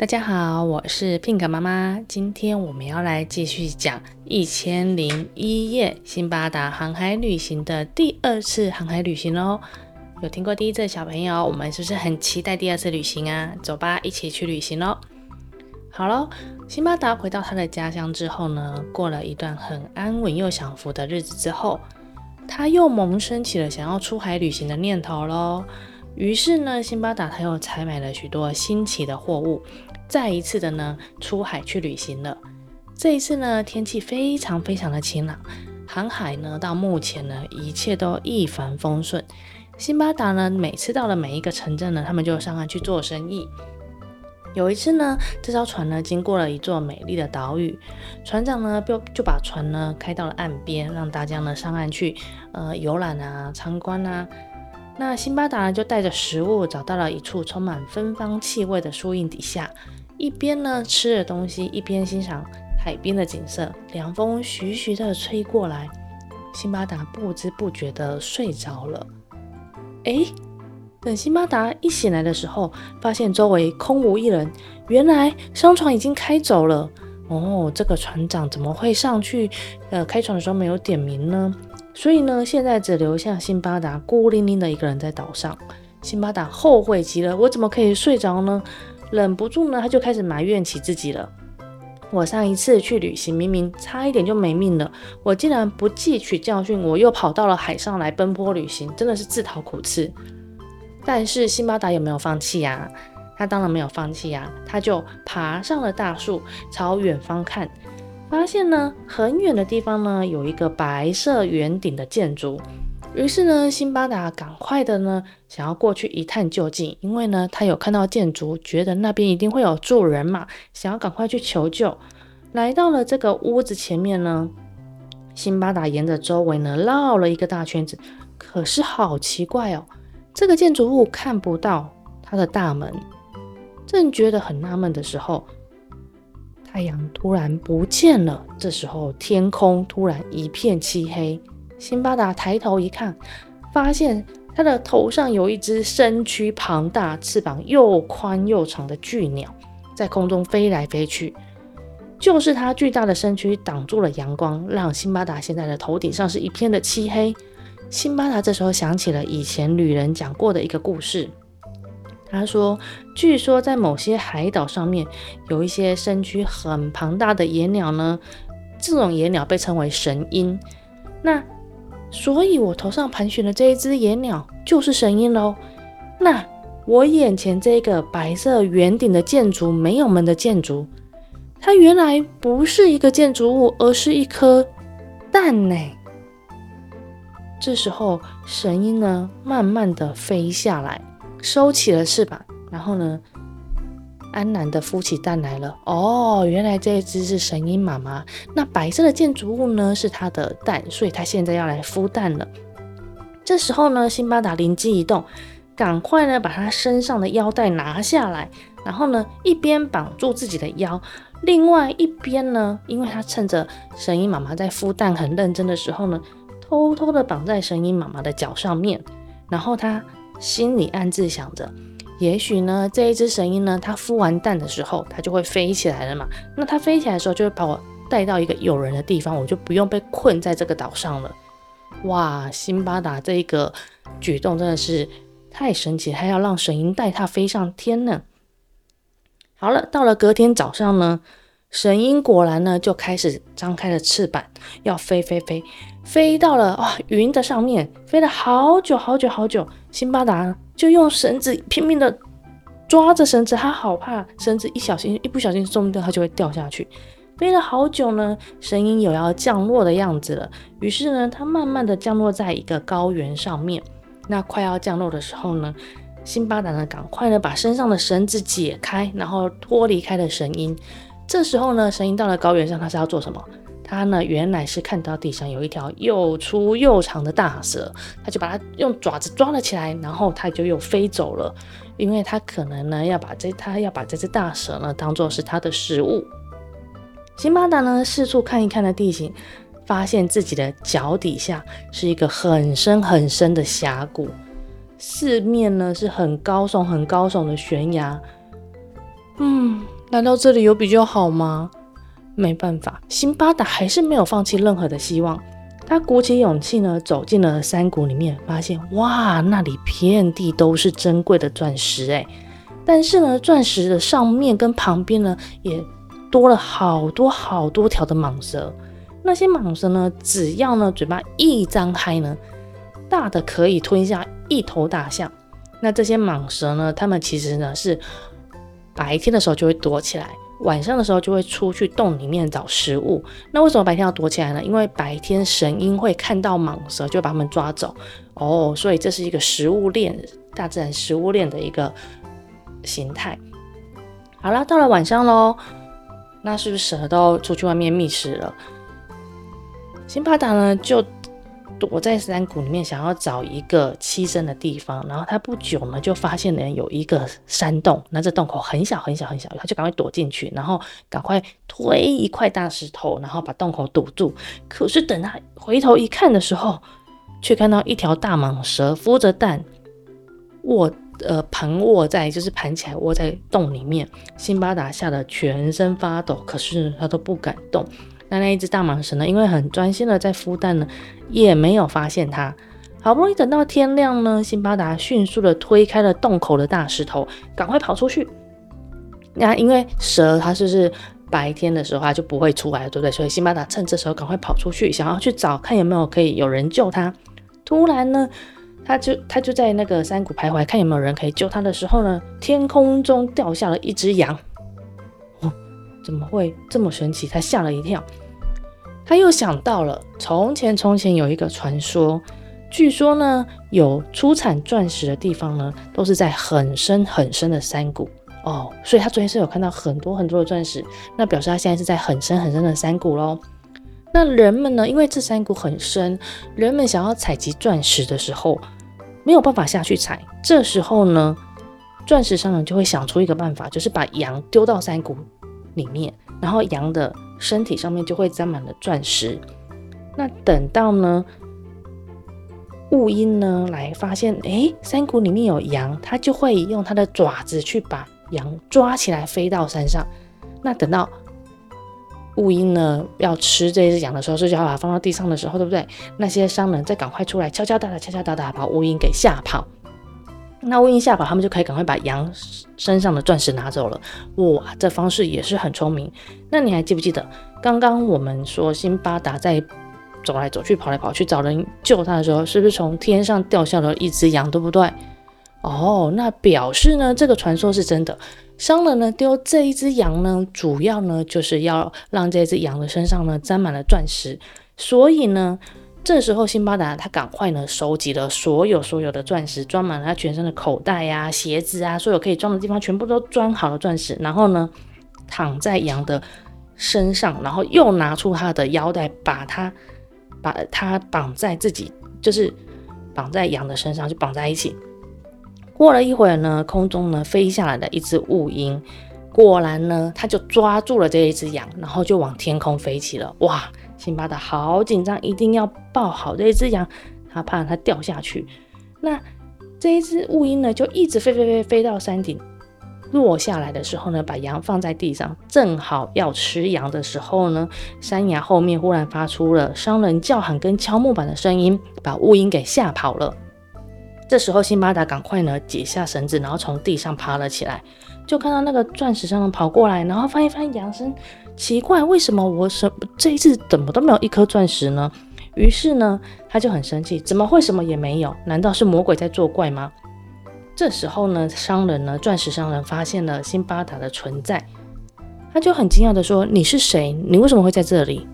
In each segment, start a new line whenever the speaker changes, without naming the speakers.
大家好，我是 Pink 媽媽。今天我們要來繼續講《一千零一夜》辛巴達航海旅行的第二次航海旅行咯，有聽過第一次小朋友，我們是不是很期待第二次旅行啊？走吧，一起去旅行咯！好咯，辛巴達回到他的家鄉之後呢，過了一段很安穩又享福的日子之後，他又萌生起了想要出海旅行的念頭嘍。於是呢，辛巴達他又採買了許多新奇的貨物，再一次的呢出海去旅行了。這一次呢，天氣非常非常的晴朗，航海呢到目前呢一切都一帆風順。辛巴達呢每次到了每一個城鎮呢，他們就上岸去做生意。有一次呢，這艘船呢經過了一座美麗的島嶼，船長呢就就把船呢開到了岸邊，讓大家呢上岸去呃遊覽啊，參觀啊。那辛巴達就帶着食物找到了一處充滿芬芳氣味的樹蔭底下，一邊呢吃着東西，一邊欣賞海邊的景色。涼風徐徐的吹過來，辛巴達不知不覺的睡着了。哎、欸，等辛巴達一醒來的時候，發現周圍空無一人，原來商船已經開走了。哦，這個船長怎麼會上去？呃，開船的時候沒有點名呢？所以呢，現在只留下辛巴達孤零零的一個人在島上。辛巴達後悔極了，我怎麼可以睡着呢？忍不住呢，他就開始埋怨起自己了。我上一次去旅行，明明差一點就沒命了，我竟然不記取教訓，我又跑到了海上來奔波旅行，真的是自討苦吃。但是辛巴達有沒有放棄呀？他當然沒有放棄呀，他就爬上了大樹，朝遠方看。發現呢，很遠的地方呢有一個白色圓頂的建築，於是呢，辛巴達趕快的呢想要過去一探究竟，因為呢他有看到建築，覺得那邊一定會有住人嘛，想要趕快去求救。來到了這個屋子前面呢，辛巴達沿着周圍呢繞了一個大圈子，可是好奇怪哦，這個建築物看不到它的大門，正覺得很納悶的時候，太陽突然不見了，這時候天空突然一片漆黑。辛巴達抬頭一看，發現他的頭上有一隻身軀龐大、翅膀又寬又長的巨鳥在空中飛來飛去。就是它巨大的身軀擋住了陽光，讓辛巴達現在的頭頂上是一片的漆黑。辛巴達這時候想起了以前旅人講過的一個故事。他說：“據說在某些海島上面有一些身軀很龐大的野鳥呢，這種野鳥被稱為神鷹。那所以，我頭上盤旋的這一隻野鳥就是神鷹咯。那我眼前這個白色圓頂的建築沒有門的建築，它原來不是一個建築物，而是一顆蛋呢、欸。這時候，神鷹呢，慢慢地飛下來。”收起了翅膀，然後呢，安然的孵起蛋來了。哦，原來這一隻是神鷹媽媽。那白色的建築物呢，是它的蛋，所以它現在要來孵蛋了。這時候呢，辛巴達靈機一動，趕快呢把他身上的腰帶拿下來，然後呢一邊綁住自己的腰，另外一邊呢，因為他趁着神鷹媽媽在孵蛋很認真的時候呢，偷偷的綁在神鷹媽媽的腳上面，然後他。心裡暗自想着，也許呢，這一只神鷹呢，它孵完蛋的時候，它就會飛起來了嘛。那它飛起來的時候，就會把我帶到一個有人的地方，我就不用被困在這個島上了。哇，辛巴達這一個舉動真的是太神奇，還要讓神鷹帶他飛上天呢。好了，到了隔天早上呢，神鷹果然呢就開始張開了翅膀，要飛飛飛，飛到了哇、哦、雲的上面，飛了好久好久好久。好久辛巴達就用繩子拼命的抓着繩子，他好怕繩子一小心一不小心鬆掉，他就會掉下去。飛了好久呢，神鷹有要降落的樣子了，於是呢，它慢慢的降落在一個高原上面。那快要降落的時候呢，辛巴達呢，趕快呢把身上的繩子解開，然後脫離開了神鷹。這時候呢，神鷹到了高原上，它是要做什麼？他呢，原來是看到地上有一條又粗又長的大蛇，他就把它用爪子抓了起來，然後他就又飛走了，因為他可能呢要把這他要把這隻大蛇呢當做是他的食物。辛巴達呢，四處看一看的地形，發現自己的腳底下是一個很深很深的峽谷，四面呢是很高聳很高聳的懸崖。嗯，難道這裡有比較好嗎？沒辦法，辛巴達還是沒有放棄任何的希望。他鼓起勇氣呢，走進了山谷裡面，發現哇，那裡遍地都是珍貴的鑽石哎！但是呢，鑽石的上面跟旁邊呢，也多了好多好多條的蟒蛇。那些蟒蛇呢，只要呢嘴巴一張開呢，大的可以吞下一頭大象。那這些蟒蛇呢，它們其實呢是白天的時候就會躲起來。晚上的時候就會出去洞裡面找食物，那為什麼白天要躲起來呢？因為白天神鷹會看到蟒蛇就把它們抓走，哦，所以這是一個食物鏈，大自然食物鏈的一個形態。好了，到了晚上嘍，那是不是蛇都出去外面覓食了？辛巴達呢？就。躲在山谷裡面，想要找一個棲身的地方。然後他不久呢，就發現呢有一個山洞，那這洞口很小很小很小，他就趕快躲進去，然後趕快推一塊大石頭，然後把洞口堵住。可是等他回頭一看的時候，卻看到一條大蟒蛇孵着蛋，臥呃盤臥在，就是盤起來臥在洞裡面。辛巴達嚇得全身發抖，可是他都不敢動。那那一隻大蟒蛇呢，因為很專心的在孵蛋呢，也沒有發現它。好不容易等到天亮呢，辛巴達迅速的推開了洞口的大石頭，趕快跑出去。那、啊、因為蛇它就是、是白天的時候它就不會出來，對不對？所以辛巴達趁這時候趕快跑出去，想要去找看有沒有可以有人救他。突然呢，他就它就在那個山谷徘徊，看有沒有人可以救他的時候呢，天空中掉下了一隻羊。怎麼會這麼神奇？他嚇了一跳，他又想到了從前，從前有一個傳說，據說呢，有出產鑽石的地方呢，都是在很深很深的山谷哦。所以他昨天是有看到很多很多的鑽石，那表示他現在是在很深很深的山谷嘍。那人們呢，因為這山谷很深，人們想要採集鑽石的時候沒有辦法下去採。這時候呢，鑽石商人就會想出一個辦法，就是把羊丟到山谷裡面，然後羊的身體上面就會沾滿了鑽石。那等到呢，兀鷹呢來發現，哎，山谷裡面有羊，它就會用它的爪子去把羊抓起來，飛到山上。那等到兀鷹呢要吃這隻羊的時候，就要把它放到地上的時候，對不對？那些商人再趕快出來，敲敲打打，敲敲打打，打，把兀鷹給嚇跑。那烏鷹嚇跑，他們就可以趕快把羊身上的鑽石拿走了。哇，這方式也是很聰明。那你還記不記得剛剛我們說辛巴達在走來走去、跑來跑去找人救他的時候，是不是從天上掉下了一只羊，對不對？哦，那表示呢，這個傳說是真的。商人呢丟這一只羊呢，主要呢就是要讓這只羊的身上呢沾滿了鑽石，所以呢。這時候，辛巴達他趕快呢，收集了所有所有的鑽石，裝滿了他全身的口袋呀、啊、鞋子啊，所有可以裝的地方全部都裝好了鑽石。然後呢，躺在羊的身上，然後又拿出他的腰帶，把他把它綁在自己，就是綁在羊的身上，就綁在一起。過了一會兒呢，空中呢飛下來了一隻兀鷹，果然呢，他就抓住了這一只羊，然後就往天空飛起了。哇！辛巴達好緊張，一定要抱好這一隻羊，他怕它掉下去。那這一隻兀鷹呢，就一直飛飛飛，飛到山頂，落下來的時候呢，把羊放在地上，正好要吃羊的時候呢，山崖後面忽然發出了商人叫喊跟敲木板的聲音，把兀鷹給嚇跑了。這時候，辛巴達趕快呢解下繩子，然後從地上爬了起來，就看到那個鑽石商人跑過來，然後翻一翻陽，揚聲奇怪：為什麼我什這一次怎麼都沒有一顆鑽石呢？於是呢，他就很生氣：怎麼會什麼也沒有？難道是魔鬼在作怪嗎？這時候呢，商人呢，鑽石商人發現了辛巴達的存在，他就很驚訝地說：你是誰？你為什麼會在這裡？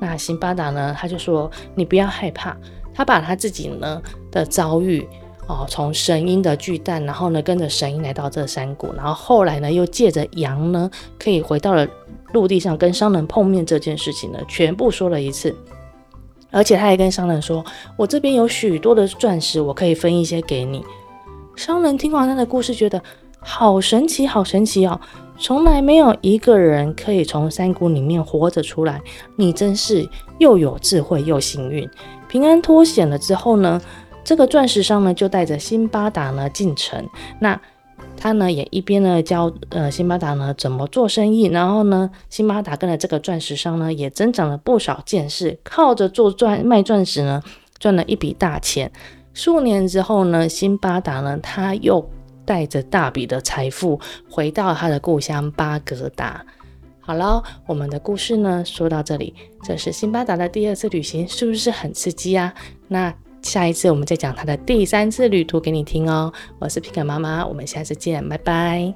那辛巴達呢，他就說：你不要害怕。他把他自己呢的遭遇，哦，從神鷹的巨蛋，然後呢跟着神鷹來到這山谷，然後後來呢又借着羊呢可以回到了陸地上跟商人碰面，這件事情呢，全部說了一次。而且他還跟商人說：“我這邊有許多的鑽石，我可以分一些給你。”商人聽完他的故事，覺得好神奇，好神奇哦！從來沒有一個人可以從山谷裡面活着出來，你真是又有智慧又幸運。平安脫險了之後呢，這個鑽石商呢就帶着辛巴達呢進城。那他呢也一邊呢教呃辛巴達呢怎麼做生意，然後呢辛巴達跟着這個鑽石商呢也增長了不少見識，靠着做鑽賣鑽石呢賺了一筆大錢。數年之後呢，辛巴達呢他又帶着大筆的財富回到他的故鄉巴格達。好了，我們的故事呢，說到這裡，這是辛巴達的第二次旅行，是不是很刺激啊？那下一次我們再講他的第三次旅途給你聽哦。我是皮卡媽媽，我們下次見，拜拜。